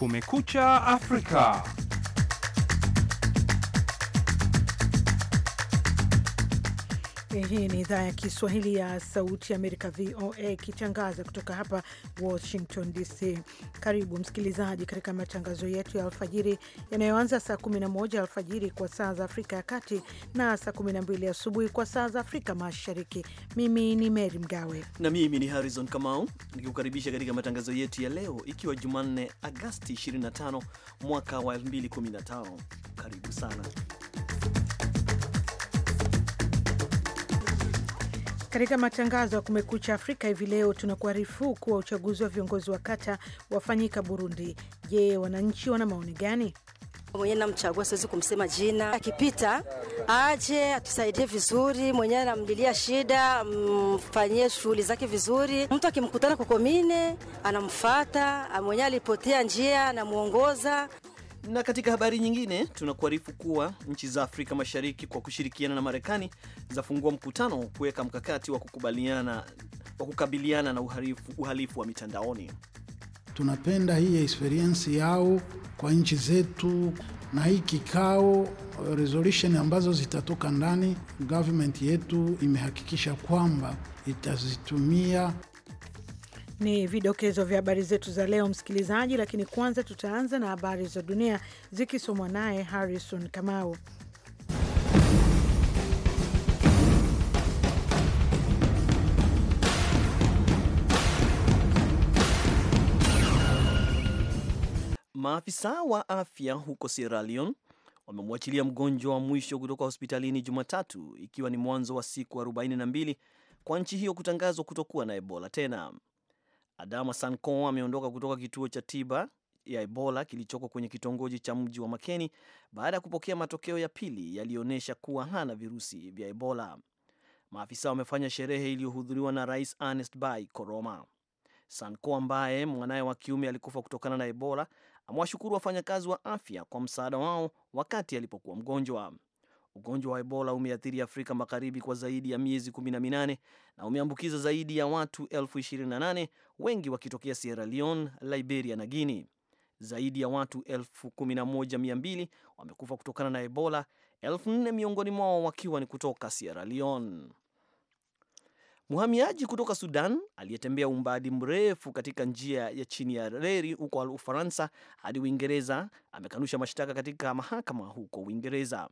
Kumekucha Afrika. Hii ni idhaa ya Kiswahili ya Sauti ya Amerika, VOA, ikitangaza kutoka hapa Washington DC. Karibu msikilizaji katika matangazo yetu ya alfajiri yanayoanza saa 11 alfajiri kwa saa za Afrika ya Kati na saa 12 asubuhi kwa saa za Afrika Mashariki. Mimi ni mery Mgawe na mimi ni Harrison Kamau nikikukaribisha katika matangazo yetu ya leo, ikiwa Jumanne Agasti 25 mwaka wa 2015. Karibu sana Katika matangazo ya Kumekucha Afrika hivi leo tunakuarifu kuwa uchaguzi wa viongozi wa kata wafanyika Burundi. Je, wananchi wana maoni gani? Mwenyewe namchagua, siwezi kumsema jina. Akipita aje atusaidie vizuri, mwenyewe anamlilia shida, mfanyie shughuli zake vizuri. Mtu akimkutana kokomine anamfata, mwenyewe alipotea njia, anamwongoza. Na katika habari nyingine tunakuarifu kuwa nchi za Afrika Mashariki kwa kushirikiana na Marekani zafungua mkutano kuweka mkakati wa kukubaliana wa kukabiliana na uhalifu, uhalifu wa mitandaoni. Tunapenda hii experience yao kwa nchi zetu na hii kikao resolution ambazo zitatoka ndani, government yetu imehakikisha kwamba itazitumia ni vidokezo vya habari zetu za leo, msikilizaji, lakini kwanza tutaanza na habari za dunia zikisomwa naye Harrison Kamau. Maafisa wa afya huko Sierra Leone wamemwachilia mgonjwa wa mwisho kutoka hospitalini Jumatatu, ikiwa ni mwanzo wa siku 42 kwa nchi hiyo kutangazwa kutokuwa na Ebola tena. Adama Sanko ameondoka kutoka kituo cha tiba ya Ebola kilichoko kwenye kitongoji cha mji wa Makeni baada ya kupokea matokeo ya pili yaliyoonyesha kuwa hana virusi vya Ebola. Maafisa wamefanya sherehe iliyohudhuriwa na Rais Ernest Bai Koroma. Sanko ambaye mwanaye wa kiume alikufa kutokana na Ebola amewashukuru wafanyakazi wa afya kwa msaada wao wakati alipokuwa mgonjwa. Ugonjwa wa Ebola umeathiri Afrika Magharibi kwa zaidi ya miezi 18 na umeambukiza zaidi ya watu 28, wengi wakitokea Sierra Leone, Liberia na Guinea. Zaidi ya watu elfu 11,200 wamekufa kutokana na Ebola, 4 miongoni mwao wakiwa ni kutoka Sierra Leone. Mhamiaji kutoka Sudan aliyetembea umbali mrefu katika njia ya chini ya reli huko Ufaransa hadi Uingereza amekanusha mashtaka katika mahakama huko Uingereza.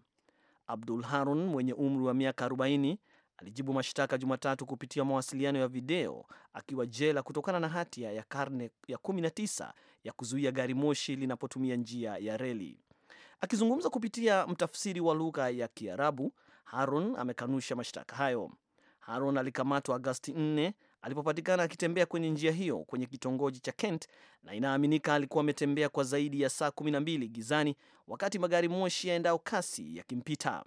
Abdul Harun mwenye umri wa miaka 40 alijibu mashtaka Jumatatu kupitia mawasiliano ya video akiwa jela kutokana na hatia ya karne ya 19 ya kuzuia gari moshi linapotumia njia ya reli. Akizungumza kupitia mtafsiri wa lugha ya Kiarabu, Harun amekanusha mashtaka hayo. Harun alikamatwa Agasti 4 alipopatikana akitembea kwenye njia hiyo kwenye kitongoji cha Kent na inaaminika alikuwa ametembea kwa zaidi ya saa 12 gizani wakati magari moshi yaendao kasi yakimpita.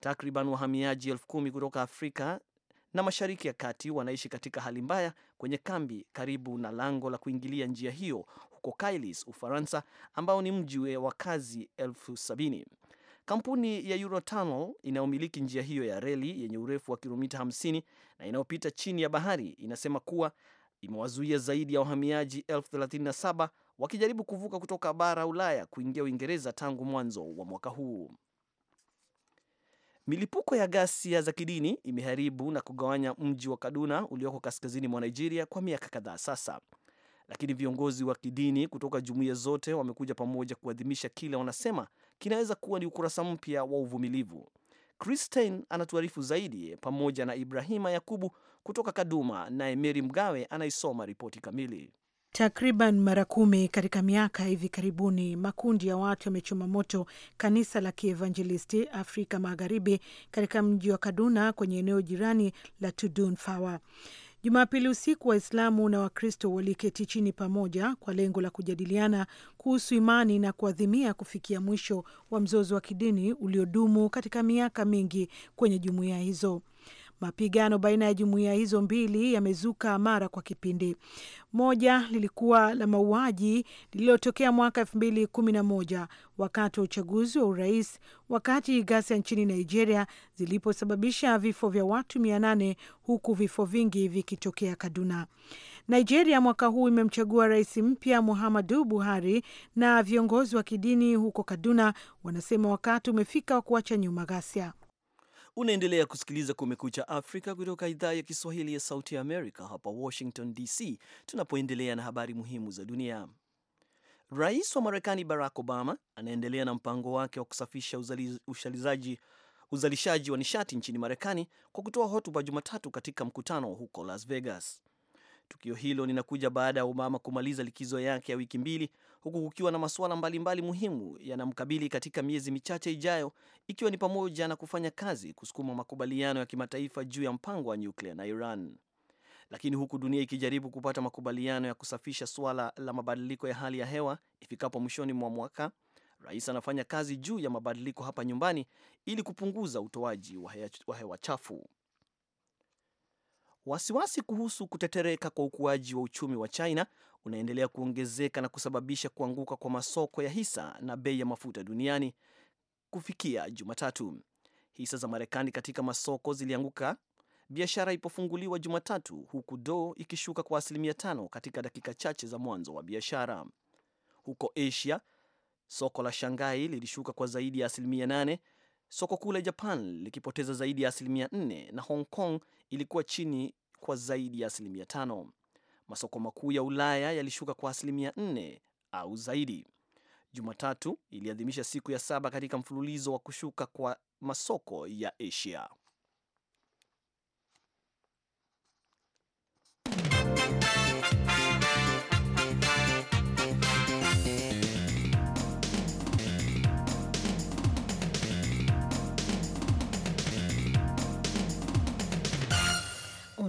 Takriban wahamiaji elfu kumi kutoka Afrika na Mashariki ya Kati wanaishi katika hali mbaya kwenye kambi karibu na lango la kuingilia njia hiyo huko Kailis, Ufaransa, ambao ni mji wa wakazi elfu sabini. Kampuni ya Eurotunnel inayomiliki njia hiyo ya reli yenye urefu wa kilomita 50 na inayopita chini ya bahari inasema kuwa imewazuia zaidi ya wahamiaji 37 wakijaribu kuvuka kutoka bara Ulaya kuingia Uingereza tangu mwanzo wa mwaka huu. Milipuko ya ghasia za kidini imeharibu na kugawanya mji wa Kaduna ulioko kaskazini mwa Nigeria kwa miaka kadhaa sasa, lakini viongozi wa kidini kutoka jumuiya zote wamekuja pamoja kuadhimisha kile wanasema kinaweza kuwa ni ukurasa mpya wa uvumilivu. Christine anatuarifu zaidi pamoja na Ibrahima Yakubu kutoka Kaduma, naye Meri Mgawe anaisoma ripoti kamili. Takriban mara kumi katika miaka hivi karibuni makundi ya watu yamechoma moto kanisa la Kievanjelisti Afrika Magharibi katika mji wa Kaduna kwenye eneo jirani la Tudun Fawa. Jumapili usiku Waislamu na Wakristo waliketi chini pamoja kwa lengo la kujadiliana kuhusu imani na kuadhimia kufikia mwisho wa mzozo wa kidini uliodumu katika miaka mingi kwenye jumuiya hizo. Mapigano baina ya jumuiya hizo mbili yamezuka mara kwa kipindi. Moja lilikuwa la mauaji lililotokea mwaka elfu mbili kumi na moja wakati wa uchaguzi wa urais, wakati ghasia nchini Nigeria ziliposababisha vifo vya watu mia nane huku vifo vingi vikitokea Kaduna. Nigeria mwaka huu imemchagua rais mpya Muhammadu Buhari na viongozi wa kidini huko Kaduna wanasema wakati umefika wa kuacha nyuma ghasia. Unaendelea kusikiliza Kumekucha Afrika kutoka idhaa ya Kiswahili ya Sauti ya Amerika hapa Washington DC, tunapoendelea na habari muhimu za dunia. Rais wa Marekani Barack Obama anaendelea na mpango wake wa kusafisha uzalishaji, uzalishaji wa nishati nchini Marekani kwa kutoa hotuba Jumatatu katika mkutano huko Las Vegas. Tukio hilo linakuja baada ya Obama kumaliza likizo yake ya wiki mbili huku kukiwa na masuala mbalimbali muhimu yanamkabili katika miezi michache ijayo, ikiwa ni pamoja na kufanya kazi kusukuma makubaliano ya kimataifa juu ya mpango wa nyuklia na Iran. Lakini huku dunia ikijaribu kupata makubaliano ya kusafisha suala la mabadiliko ya hali ya hewa ifikapo mwishoni mwa mwaka, rais anafanya kazi juu ya mabadiliko hapa nyumbani ili kupunguza utoaji wa hewa chafu. Wasiwasi kuhusu kutetereka kwa ukuaji wa uchumi wa China unaendelea kuongezeka na kusababisha kuanguka kwa masoko ya hisa na bei ya mafuta duniani. Kufikia Jumatatu, hisa za Marekani katika masoko zilianguka biashara ilipofunguliwa Jumatatu, huku do ikishuka kwa asilimia tano katika dakika chache za mwanzo wa biashara. Huko Asia, soko la Shanghai lilishuka kwa zaidi ya asilimia nane soko kuu la Japan likipoteza zaidi ya asilimia 4 na Hong Kong ilikuwa chini kwa zaidi ya asilimia 5. Masoko makuu ya Ulaya yalishuka kwa asilimia 4 au zaidi. Jumatatu iliadhimisha siku ya saba katika mfululizo wa kushuka kwa masoko ya Asia.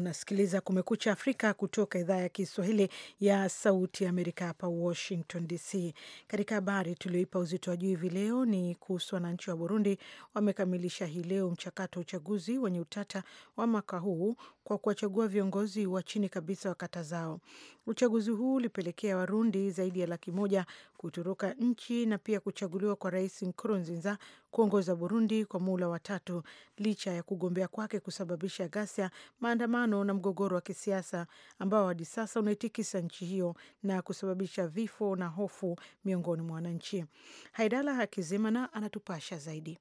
Unasikiliza Kumekucha Afrika kutoka idhaa ya Kiswahili ya Sauti Amerika hapa Washington DC. Katika habari tulioipa uzito wa juu hivi leo ni kuhusu wananchi wa Burundi wamekamilisha hii leo mchakato wa uchaguzi wenye utata wa mwaka huu kwa kuwachagua viongozi wa chini kabisa wa kata zao. Uchaguzi huu ulipelekea Warundi zaidi ya laki moja kutoroka nchi na pia kuchaguliwa kwa Rais Nkurunziza kuongoza Burundi kwa muhula wa tatu licha ya kugombea kwake kusababisha ghasia, maandamano na mgogoro wa kisiasa ambao hadi sasa unaitikisa nchi hiyo na kusababisha vifo na hofu miongoni mwa wananchi. Haidala Hakizimana anatupasha zaidi.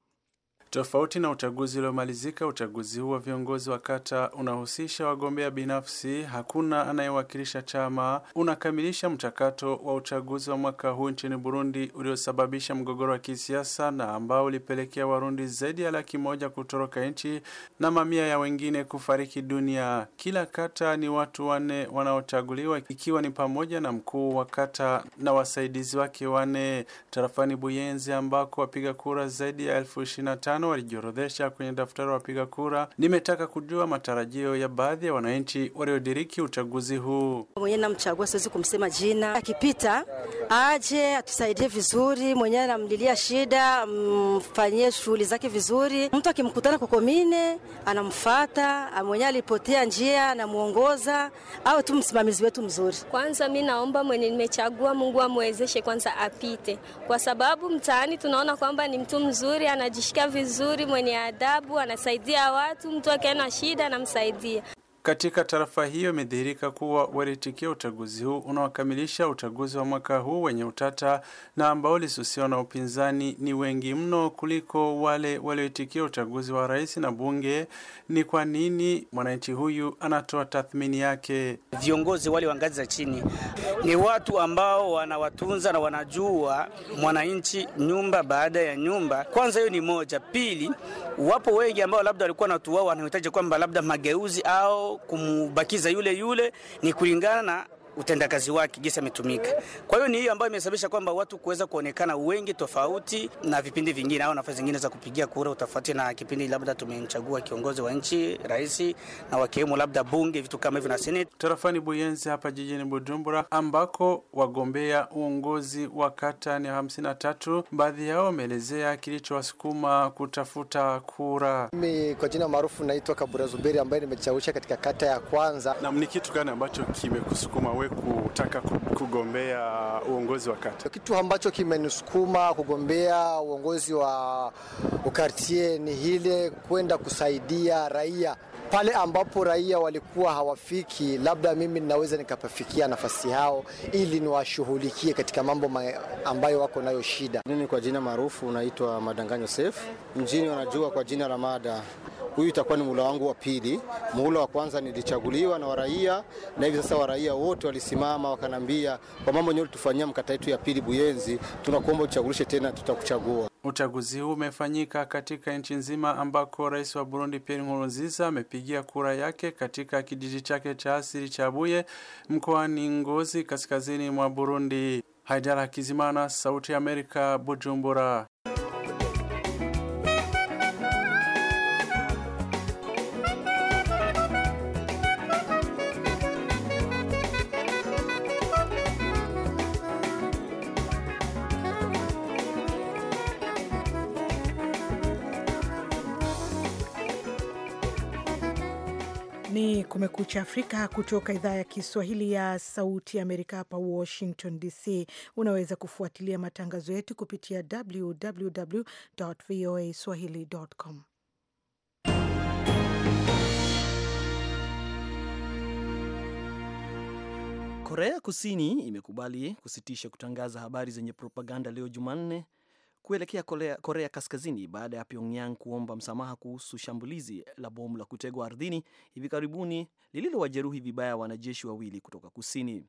Tofauti na uchaguzi uliomalizika, uchaguzi huu wa viongozi wa kata unahusisha wagombea binafsi, hakuna anayewakilisha chama, unakamilisha mchakato wa uchaguzi wa mwaka huu nchini Burundi uliosababisha mgogoro wa kisiasa na ambao ulipelekea Warundi zaidi ya laki moja kutoroka nchi na mamia ya wengine kufariki dunia. Kila kata ni watu wanne wanaochaguliwa, ikiwa ni pamoja na mkuu wa kata na wasaidizi wake wanne. Tarafani Buyenzi ambako wapiga kura zaidi ya elfu ishirini na tano tano walijiorodhesha kwenye daftari wa wapiga kura. Nimetaka kujua matarajio ya baadhi ya wananchi waliodiriki uchaguzi huu. Mwenye namchagua, siwezi kumsema jina, akipita aje atusaidie vizuri, mwenyewe anamlilia shida, mfanyie shughuli zake vizuri. Mtu akimkutana kokomine anamfata mwenyewe, alipotea njia anamwongoza, au tu msimamizi wetu mzuri. Kwanza mi naomba mwenye nimechagua, Mungu amwezeshe kwanza apite, kwa sababu mtaani tunaona kwamba ni mtu mzuri, anajishika vizuri, mwenye adabu, anasaidia watu. Mtu akiwa na shida anamsaidia. Katika tarafa hiyo imedhihirika kuwa walitikia uchaguzi huu unaokamilisha uchaguzi wa mwaka huu wenye utata na ambao ulisusiwa na upinzani ni wengi mno kuliko wale walioitikia uchaguzi wa rais na bunge. Ni kwa nini? Mwananchi huyu anatoa tathmini yake. Viongozi wale wa ngazi za chini ni watu ambao wanawatunza na wanajua mwananchi nyumba baada ya nyumba. Kwanza hiyo ni moja. Pili, wapo wengi ambao labda walikuwa na watu wao wanahitaji kwamba labda mageuzi au kumbakiza yule yule ni kulingana na utendakazi wake jinsi ametumika. Kwa hiyo ni hiyo ambayo imesababisha kwamba watu kuweza kuonekana wengi tofauti na vipindi vingine au nafasi zingine za kupigia kura, utofauti na kipindi labda tumemchagua kiongozi wa nchi, rais na wakiwemo labda bunge, vitu kama hivyo na seneti. Tarafani Buyenzi hapa jijini Bujumbura, ambako wagombea uongozi wa kata ni 53, baadhi yao wameelezea kilichowasukuma kutafuta kura. Mimi kwa jina maarufu naitwa Kabura Zuberi, ambaye nimechagua katika kata ya kwanza. Na ni kitu gani ambacho kimekusukuma we wewe kutaka kugombea uongozi wa kata? Kitu ambacho kimenisukuma kugombea uongozi wa ukartie ni hile kwenda kusaidia raia pale ambapo raia walikuwa hawafiki, labda mimi ninaweza nikapafikia nafasi yao ili niwashughulikie katika mambo ambayo wako nayo shida. Mimi kwa jina maarufu unaitwa Madanganyo Sef, mjini wanajua kwa jina la Mada. Huyu itakuwa ni muhula wangu wa pili. Muhula wa kwanza nilichaguliwa na waraia, na hivi sasa waraia wote walisimama wakanambia, kwa mambo nyote tufanyia mkata yetu ya pili Buyenzi, tunakuomba uchagulishe tena, tutakuchagua. Uchaguzi huu umefanyika katika nchi nzima ambako rais wa Burundi Pierre Nkurunziza amepigia kura yake katika kijiji chake cha asili cha Buye mkoani Ngozi kaskazini mwa Burundi. Haidara Kizimana, Sauti ya Amerika, Bujumbura. Kumekucha Afrika kutoka idhaa ya Kiswahili ya Sauti ya Amerika hapa Washington DC. Unaweza kufuatilia matangazo yetu kupitia www voa swahili.com. Korea Kusini imekubali kusitisha kutangaza habari zenye propaganda leo Jumanne kuelekea Korea, Korea Kaskazini baada ya Pyongyang kuomba msamaha kuhusu shambulizi la bomu la kutegwa ardhini hivi karibuni lililowajeruhi vibaya wanajeshi wawili kutoka kusini.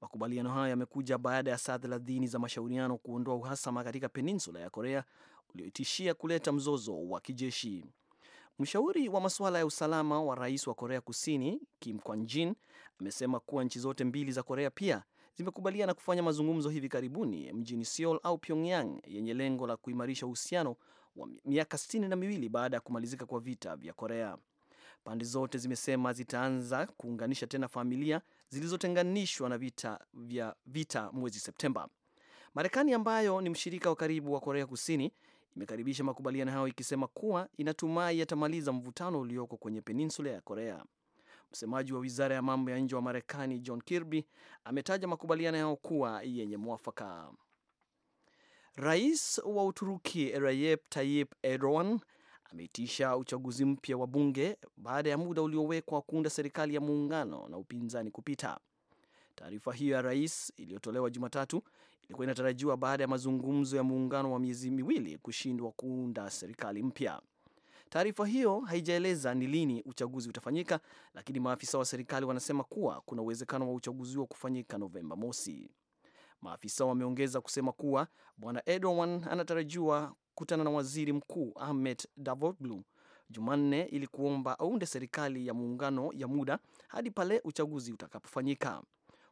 Makubaliano hayo yamekuja baada ya saa thelathini za mashauriano kuondoa uhasama katika peninsula ya Korea uliotishia kuleta mzozo wa kijeshi. Mshauri wa masuala ya usalama wa rais wa Korea Kusini Kim Kwanjin amesema kuwa nchi zote mbili za Korea pia zimekubaliana kufanya mazungumzo hivi karibuni mjini Seoul au Pyongyang yenye lengo la kuimarisha uhusiano wa miaka sitini na miwili baada ya kumalizika kwa vita vya Korea. Pande zote zimesema zitaanza kuunganisha tena familia zilizotenganishwa na vita vya vita mwezi Septemba. Marekani ambayo ni mshirika wa karibu wa Korea Kusini imekaribisha makubaliano hayo ikisema kuwa inatumai yatamaliza mvutano ulioko kwenye peninsula ya Korea. Msemaji wa wizara ya mambo ya nje wa Marekani John Kirby ametaja makubaliano yao kuwa yenye mwafaka. Rais wa Uturuki Recep Tayyip Erdogan ameitisha uchaguzi mpya wa bunge baada ya muda uliowekwa kuunda serikali ya muungano na upinzani kupita. Taarifa hiyo ya rais iliyotolewa Jumatatu ilikuwa inatarajiwa baada ya mazungumzo ya muungano wa miezi miwili kushindwa kuunda serikali mpya. Taarifa hiyo haijaeleza ni lini uchaguzi utafanyika, lakini maafisa wa serikali wanasema kuwa kuna uwezekano wa uchaguzi huo kufanyika Novemba mosi. Maafisa wameongeza kusema kuwa bwana Erdogan anatarajiwa kukutana na waziri mkuu Ahmed Davutoglu Jumanne ili kuomba aunde serikali ya muungano ya muda hadi pale uchaguzi utakapofanyika.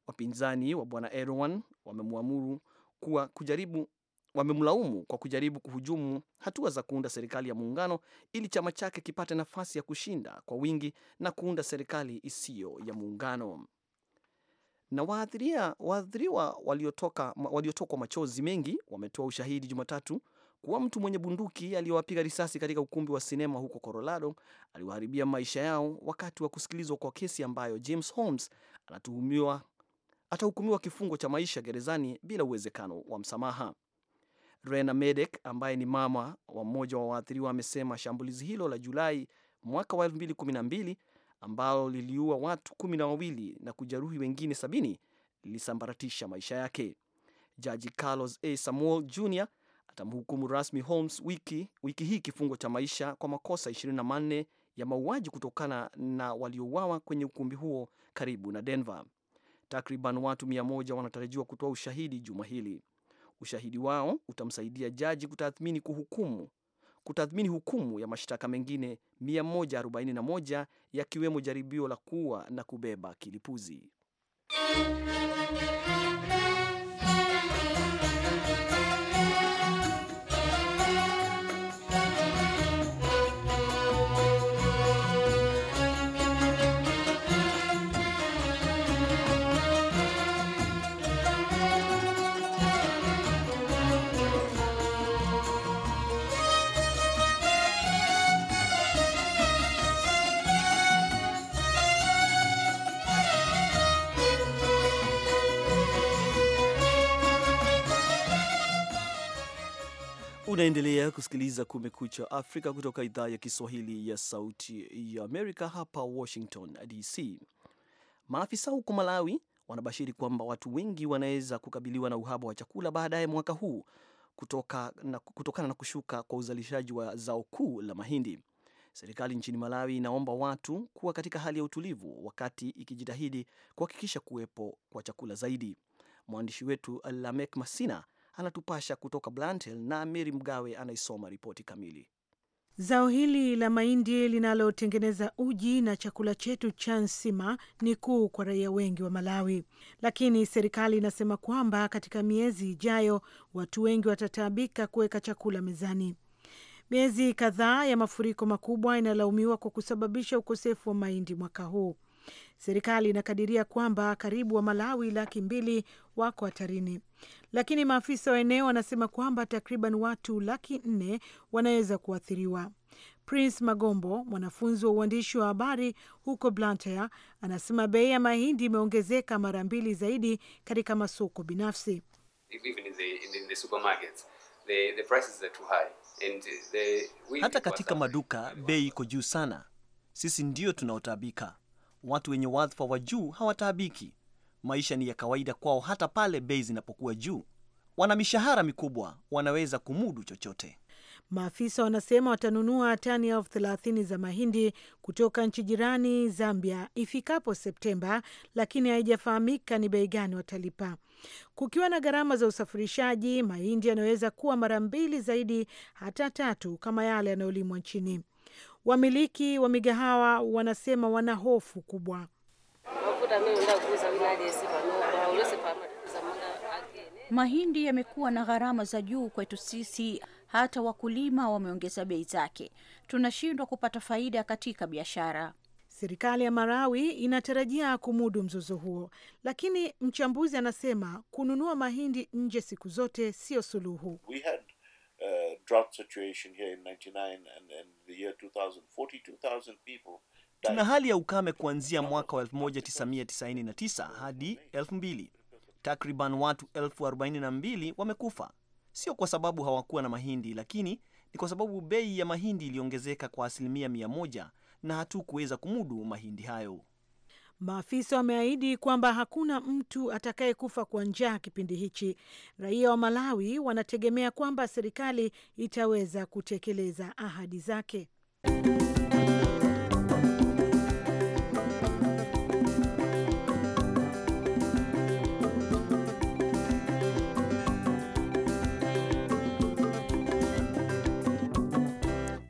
Wapinzani wa bwana Erdogan wamemwamuru kuwa kujaribu wamemlaumu kwa kujaribu kuhujumu hatua za kuunda serikali ya muungano ili chama chake kipate nafasi ya kushinda kwa wingi na kuunda serikali isiyo ya muungano. Na waathiriwa waliotokwa machozi mengi wametoa ushahidi Jumatatu kuwa mtu mwenye bunduki aliyowapiga risasi katika ukumbi wa sinema huko Colorado aliwaharibia maisha yao wakati wa kusikilizwa kwa kesi ambayo James Holmes anatuhumiwa atahukumiwa kifungo cha maisha gerezani bila uwezekano wa msamaha. Rena Medek ambaye ni mama wa mmoja wa waathiriwa amesema shambulizi hilo la Julai mwaka wa 2012 ambalo liliua watu kumi na wawili na kujeruhi wengine sabini lilisambaratisha maisha yake. Jaji Carlos A. Samuel Jr atamhukumu rasmi Holmes wiki, wiki hii kifungo cha maisha kwa makosa 24 ya mauaji kutokana na waliouawa kwenye ukumbi huo karibu na Denver. Takriban watu 100 wanatarajiwa kutoa ushahidi juma hili. Ushahidi wao utamsaidia jaji kutathmini kuhukumu kutathmini hukumu ya mashtaka mengine 141 yakiwemo jaribio la kuua na kubeba kilipuzi. Unaendelea kusikiliza Kumekucha Afrika kutoka idhaa ya Kiswahili ya Sauti ya Amerika, hapa Washington DC. Maafisa huko Malawi wanabashiri kwamba watu wengi wanaweza kukabiliwa na uhaba wa chakula baadaye mwaka huu kutokana na, kutokana na kushuka kwa uzalishaji wa zao kuu la mahindi. Serikali nchini Malawi inaomba watu kuwa katika hali ya utulivu wakati ikijitahidi kuhakikisha kuwepo kwa chakula zaidi. Mwandishi wetu Lamek Masina anatupasha kutoka Blantyre na Meri Mgawe anaisoma ripoti kamili. Zao hili la mahindi linalotengeneza uji na chakula chetu cha nsima ni kuu kwa raia wengi wa Malawi, lakini serikali inasema kwamba katika miezi ijayo watu wengi watataabika kuweka chakula mezani. Miezi kadhaa ya mafuriko makubwa inalaumiwa kwa kusababisha ukosefu wa mahindi mwaka huu. Serikali inakadiria kwamba karibu wa Malawi laki mbili wako hatarini, lakini maafisa wa eneo wanasema kwamba takriban watu laki nne wanaweza kuathiriwa. Prince Magombo, mwanafunzi wa uandishi wa habari huko Blantyre, anasema bei ya mahindi imeongezeka mara mbili zaidi katika masoko binafsi. Hata katika maduka bei iko juu sana, sisi ndio tunaotabika. Watu wenye wadhifa wa juu hawataabiki. Maisha ni ya kawaida kwao, hata pale bei zinapokuwa juu. Wana mishahara mikubwa, wanaweza kumudu chochote. Maafisa wanasema watanunua tani elfu thelathini za mahindi kutoka nchi jirani Zambia ifikapo Septemba, lakini haijafahamika ni bei gani watalipa. Kukiwa na gharama za usafirishaji, mahindi yanaweza kuwa mara mbili zaidi hata tatu kama yale yanayolimwa nchini. Wamiliki wa migahawa wanasema wana hofu kubwa. Mahindi yamekuwa na gharama za juu kwetu sisi, hata wakulima wameongeza bei zake. Tunashindwa kupata faida katika biashara. Serikali ya Marawi inatarajia kumudu mzozo huo, lakini mchambuzi anasema kununua mahindi nje siku zote sio suluhu. We had drought situation here in 99 and, and the year 2000 42,000 people Tuna hali ya ukame kuanzia mwaka wa 1999 hadi 2000. Takriban watu 42 wamekufa, sio kwa sababu hawakuwa na mahindi, lakini ni kwa sababu bei ya mahindi iliongezeka kwa asilimia 100 na na hatukuweza kumudu mahindi hayo. Maafisa wameahidi kwamba hakuna mtu atakayekufa kwa njaa kipindi hichi. Raia wa Malawi wanategemea kwamba serikali itaweza kutekeleza ahadi zake.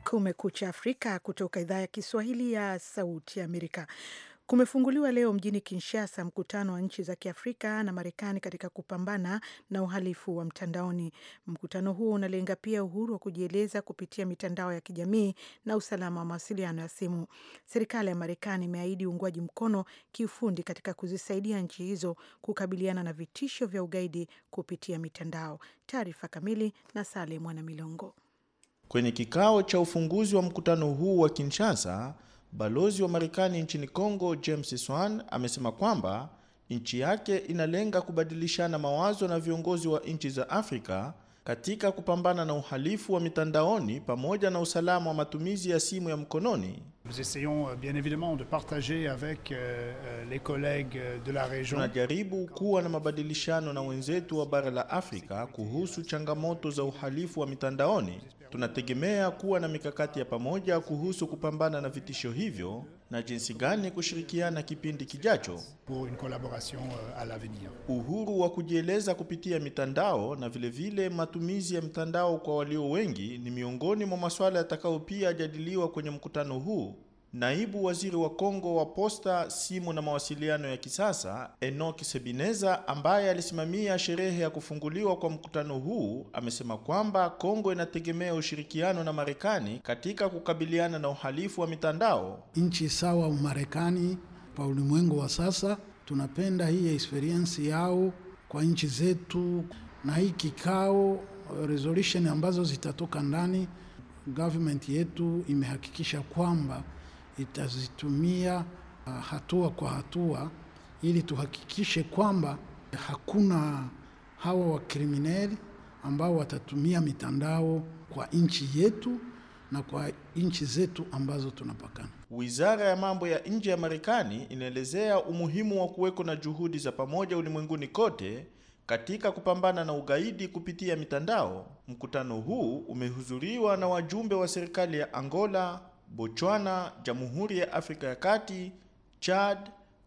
Kumekucha Afrika kutoka idhaa ya Kiswahili ya Sauti ya Amerika. Kumefunguliwa leo mjini Kinshasa mkutano wa nchi za Kiafrika na Marekani katika kupambana na uhalifu wa mtandaoni. Mkutano huo unalenga pia uhuru wa kujieleza kupitia mitandao ya kijamii na usalama wa mawasiliano ya simu. Serikali ya Marekani imeahidi uungwaji mkono kiufundi katika kuzisaidia nchi hizo kukabiliana na vitisho vya ugaidi kupitia mitandao. Taarifa kamili na Sale Mwanamilongo. Milongo. Kwenye kikao cha ufunguzi wa mkutano huu wa Kinshasa, Balozi wa Marekani nchini Kongo James Swan amesema kwamba nchi yake inalenga kubadilishana mawazo na viongozi wa nchi za Afrika katika kupambana na uhalifu wa mitandaoni pamoja na usalama wa matumizi ya simu ya mkononi. Euh, euh, euh, Tunajaribu kuwa na mabadilishano na wenzetu wa bara la Afrika kuhusu changamoto za uhalifu wa mitandaoni tunategemea kuwa na mikakati ya pamoja kuhusu kupambana na vitisho hivyo na jinsi gani kushirikiana kipindi kijacho. Euh, Uhuru wa kujieleza kupitia mitandao na vilevile vile matumizi ya mtandao kwa walio wengi ni miongoni mwa masuala yatakayopia jadiliwa kwenye mkutano huu. Naibu waziri wa Kongo wa posta, simu na mawasiliano ya kisasa Enoki Sebineza, ambaye alisimamia sherehe ya kufunguliwa kwa mkutano huu, amesema kwamba Kongo inategemea ushirikiano na Marekani katika kukabiliana na uhalifu wa mitandao. Nchi sawa Marekani kwa ulimwengu wa sasa, tunapenda hii experience yao kwa nchi zetu, na hii kikao resolution ambazo zitatoka ndani, government yetu imehakikisha kwamba itazitumia ah, hatua kwa hatua ili tuhakikishe kwamba hakuna hawa wakrimineli ambao watatumia mitandao kwa nchi yetu na kwa nchi zetu ambazo tunapakana. Wizara ya mambo ya nje ya Marekani inaelezea umuhimu wa kuweko na juhudi za pamoja ulimwenguni kote katika kupambana na ugaidi kupitia mitandao. Mkutano huu umehudhuriwa na wajumbe wa serikali ya Angola, Botswana, Jamhuri ya Afrika ya Kati, Chad,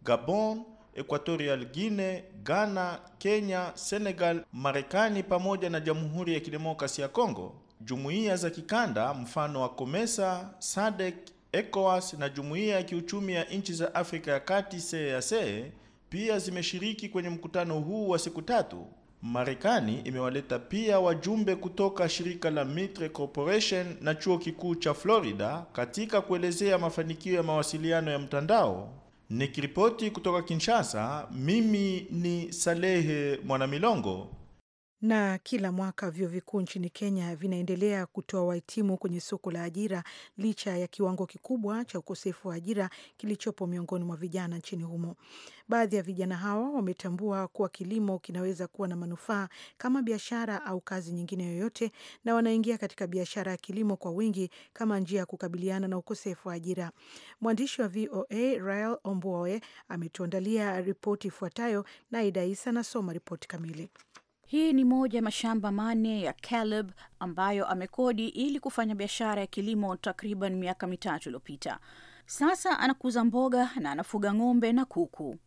Gabon, Equatorial Guinea, Ghana, Kenya, Senegal, Marekani pamoja na Jamhuri ya Kidemokrasia ya Kongo. Jumuiya za kikanda mfano wa COMESA, SADC, ECOWAS na Jumuiya ya Kiuchumi ya Nchi za Afrika ya Kati, EAC, pia zimeshiriki kwenye mkutano huu wa siku tatu. Marekani imewaleta pia wajumbe kutoka shirika la Mitre Corporation na chuo kikuu cha Florida katika kuelezea mafanikio ya mawasiliano ya mtandao. Nikiripoti kutoka Kinshasa, mimi ni Salehe Mwanamilongo. Na kila mwaka vyuo vikuu nchini Kenya vinaendelea kutoa wahitimu kwenye soko la ajira licha ya kiwango kikubwa cha ukosefu wa ajira kilichopo miongoni mwa vijana nchini humo. Baadhi ya vijana hawa wametambua kuwa kilimo kinaweza kuwa na manufaa kama biashara au kazi nyingine yoyote, na wanaingia katika biashara ya kilimo kwa wingi kama njia ya kukabiliana na ukosefu wa ajira. Mwandishi wa VOA Rael Omboe ametuandalia ripoti ifuatayo, na idaisa Isa anasoma ripoti kamili. Hii ni moja ya mashamba mane ya Caleb ambayo amekodi ili kufanya biashara ya kilimo takriban miaka mitatu iliyopita. Sasa anakuza mboga na anafuga ng'ombe na kuku.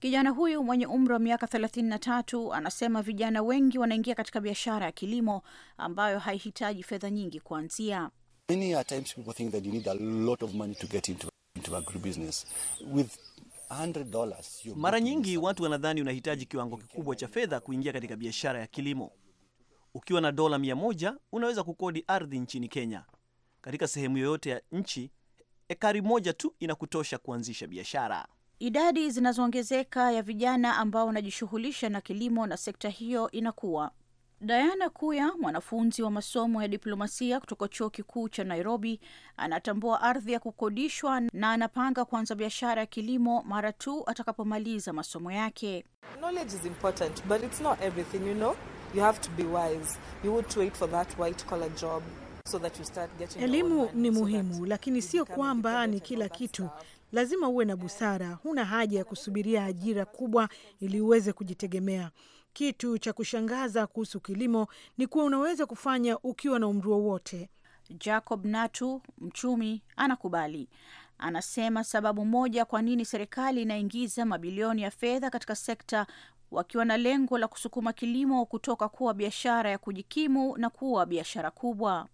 Kijana huyu mwenye umri wa miaka thelathini na tatu anasema vijana wengi wanaingia katika biashara ya kilimo ambayo haihitaji fedha nyingi kuanzia. Many times people think that you need a lot of money to get into, into agribusiness. With mara nyingi watu wanadhani unahitaji kiwango kikubwa cha fedha kuingia katika biashara ya kilimo. Ukiwa na dola mia moja unaweza kukodi ardhi nchini Kenya. Katika sehemu yoyote ya nchi, ekari moja tu inakutosha kuanzisha biashara. Idadi zinazoongezeka ya vijana ambao wanajishughulisha na kilimo na sekta hiyo inakuwa Diana Kuya, mwanafunzi wa masomo ya diplomasia kutoka chuo kikuu cha Nairobi, anatambua ardhi ya kukodishwa na anapanga kuanza biashara ya kilimo mara tu atakapomaliza masomo yake. Elimu ni muhimu, lakini sio kwamba ni kila kitu. Lazima uwe na busara. Huna haja ya kusubiria ajira kubwa ili uweze kujitegemea. Kitu cha kushangaza kuhusu kilimo ni kuwa unaweza kufanya ukiwa na umri wowote. Jacob Natu, mchumi, anakubali. Anasema sababu moja kwa nini serikali inaingiza mabilioni ya fedha katika sekta wakiwa na lengo la kusukuma kilimo kutoka kuwa biashara ya kujikimu na kuwa biashara kubwa.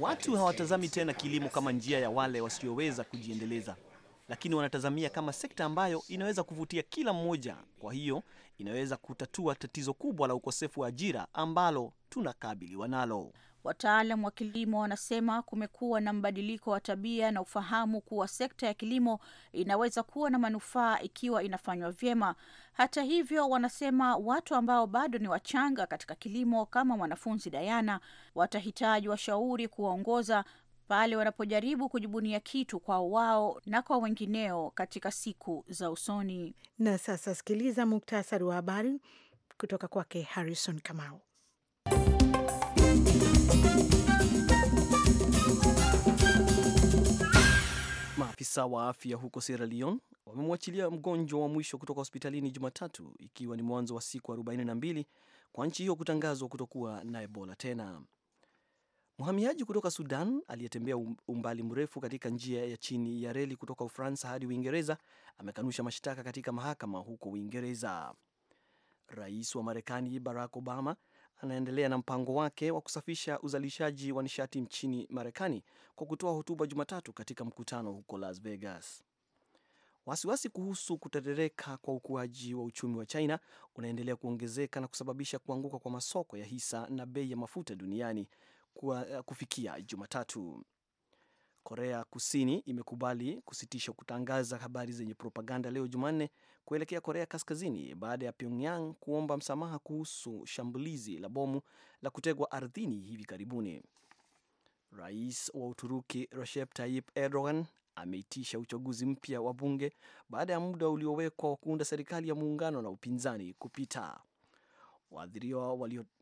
Watu hawatazami tena kilimo kama njia ya wale wasioweza kujiendeleza lakini wanatazamia kama sekta ambayo inaweza kuvutia kila mmoja, kwa hiyo inaweza kutatua tatizo kubwa la ukosefu wa ajira ambalo tunakabiliwa nalo. Wataalam wa kilimo wanasema kumekuwa na mbadiliko wa tabia na ufahamu kuwa sekta ya kilimo inaweza kuwa na manufaa ikiwa inafanywa vyema. Hata hivyo, wanasema watu ambao bado ni wachanga katika kilimo, kama mwanafunzi Dayana, watahitaji washauri kuwaongoza pale wanapojaribu kujibunia kitu kwa wao na kwa wengineo katika siku za usoni. Na sasa sikiliza muktasari wa habari kutoka kwake Harrison Kamau. Maafisa wa afya huko Sierra Leone wamemwachilia mgonjwa wa mwisho kutoka hospitalini Jumatatu, ikiwa ni mwanzo wa siku 42 kwa nchi hiyo kutangazwa kutokuwa na Ebola tena. Mhamiaji kutoka Sudan aliyetembea um-, umbali mrefu katika njia ya chini ya reli kutoka Ufaransa hadi Uingereza amekanusha mashtaka katika mahakama huko Uingereza. Rais wa Marekani Barack Obama anaendelea na mpango wake wa kusafisha uzalishaji wa nishati nchini Marekani kwa kutoa hotuba Jumatatu katika mkutano huko Las Vegas. Wasiwasi kuhusu kutetereka kwa ukuaji wa uchumi wa China unaendelea kuongezeka na kusababisha kuanguka kwa masoko ya hisa na bei ya mafuta duniani kwa eh, kufikia Jumatatu. Korea Kusini imekubali kusitisha kutangaza habari zenye propaganda leo Jumanne kuelekea Korea Kaskazini baada ya Pyongyang kuomba msamaha kuhusu shambulizi la bomu la kutegwa ardhini hivi karibuni. Rais wa Uturuki Recep Tayyip Erdogan ameitisha uchaguzi mpya wa bunge baada ya muda uliowekwa wa kuunda serikali ya muungano na upinzani kupita. Waathiriwa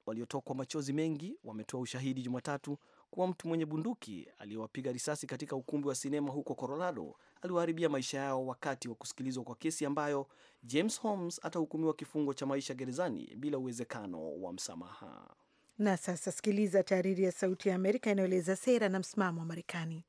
waliotokwa machozi mengi wametoa ushahidi Jumatatu kuwa mtu mwenye bunduki aliyewapiga risasi katika ukumbi wa sinema huko Colorado aliwaharibia maisha yao wakati wa kusikilizwa kwa kesi ambayo James Holmes atahukumiwa kifungo cha maisha gerezani bila uwezekano wa msamaha. Na sasa sikiliza tahariri ya Sauti ya Amerika inayoeleza sera na msimamo wa Marekani.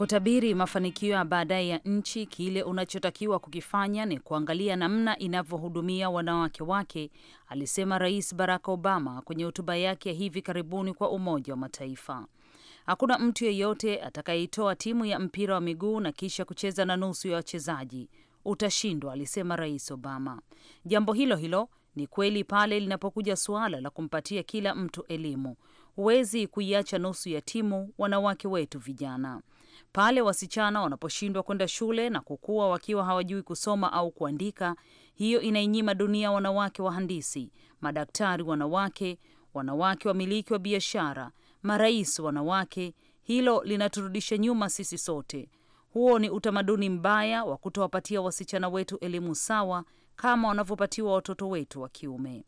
kutabiri mafanikio ya baadaye ya nchi, kile unachotakiwa kukifanya ni kuangalia namna inavyohudumia wanawake wake, alisema Rais Barack Obama kwenye hotuba yake ya hivi karibuni kwa Umoja wa Mataifa. Hakuna mtu yeyote atakayeitoa timu ya mpira wa miguu na kisha kucheza na nusu ya wachezaji. Utashindwa, alisema Rais Obama. Jambo hilo hilo ni kweli pale linapokuja suala la kumpatia kila mtu elimu. Huwezi kuiacha nusu ya timu, wanawake wetu vijana. Pale wasichana wanaposhindwa kwenda shule na kukua wakiwa hawajui kusoma au kuandika, hiyo inainyima dunia wanawake wahandisi, madaktari wanawake, wanawake wamiliki wa biashara, marais wanawake. Hilo linaturudisha nyuma sisi sote. Huo ni utamaduni mbaya wa kutowapatia wasichana wetu elimu sawa kama wanavyopatiwa watoto wetu wa kiume.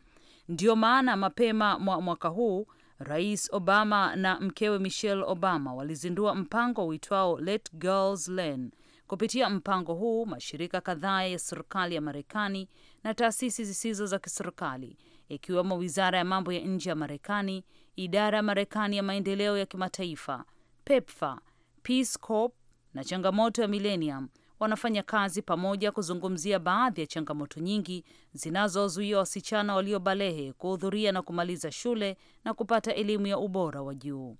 ndio maana mapema mwa mwaka huu Rais Obama na mkewe Michelle Obama walizindua mpango uitwao Let Girls Learn. Kupitia mpango huu, mashirika kadhaa ya serikali ya Marekani na taasisi zisizo za kiserikali ikiwemo Wizara ya Mambo ya Nje ya Marekani, Idara ya Marekani ya Maendeleo ya Kimataifa, pepfa Peace Corps na changamoto ya Millennium wanafanya kazi pamoja kuzungumzia baadhi ya changamoto nyingi zinazozuia wasichana waliobalehe kuhudhuria na kumaliza shule na kupata elimu ya ubora wa juu.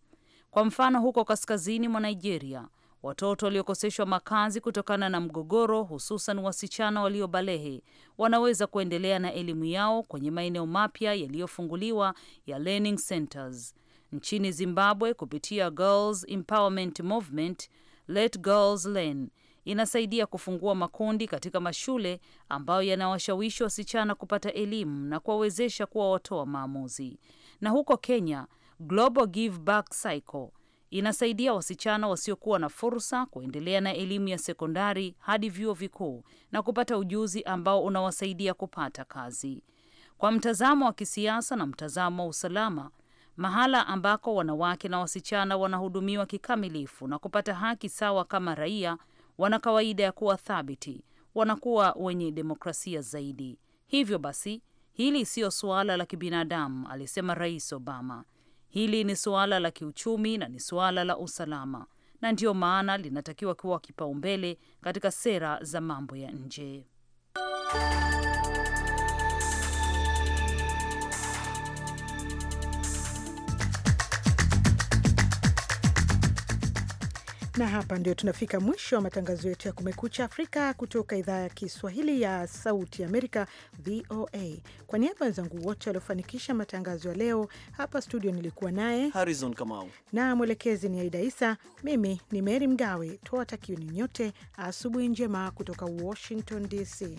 Kwa mfano, huko kaskazini mwa Nigeria, watoto waliokoseshwa makazi kutokana na mgogoro, hususan wasichana waliobalehe, wanaweza kuendelea na elimu yao kwenye maeneo mapya yaliyofunguliwa ya learning centers. Nchini Zimbabwe, kupitia Girls Empowerment Movement, Let Girls Learn inasaidia kufungua makundi katika mashule ambayo yanawashawishi wasichana kupata elimu na kuwawezesha kuwa watoa maamuzi. Na huko Kenya, Global Give Back Cycle inasaidia wasichana wasiokuwa na fursa kuendelea na elimu ya sekondari hadi vyuo vikuu na kupata ujuzi ambao unawasaidia kupata kazi. Kwa mtazamo wa kisiasa na mtazamo wa usalama, mahala ambako wanawake na wasichana wanahudumiwa kikamilifu na kupata haki sawa kama raia wana kawaida ya kuwa thabiti, wanakuwa wenye demokrasia zaidi. Hivyo basi, hili siyo suala la kibinadamu, alisema Rais Obama. Hili ni suala la kiuchumi na ni suala la usalama, na ndiyo maana linatakiwa kuwa kipaumbele katika sera za mambo ya nje. Na hapa ndio tunafika mwisho wa matangazo yetu ya Kumekucha Afrika kutoka idhaa ya Kiswahili ya Sauti Amerika, VOA. Kwa niaba wenzangu wote waliofanikisha matangazo ya leo, hapa studio nilikuwa naye Harrison Kamau na mwelekezi ni Aida Isa. Mimi ni Meri Mgawe, twawatakieni nyote asubuhi njema kutoka Washington DC.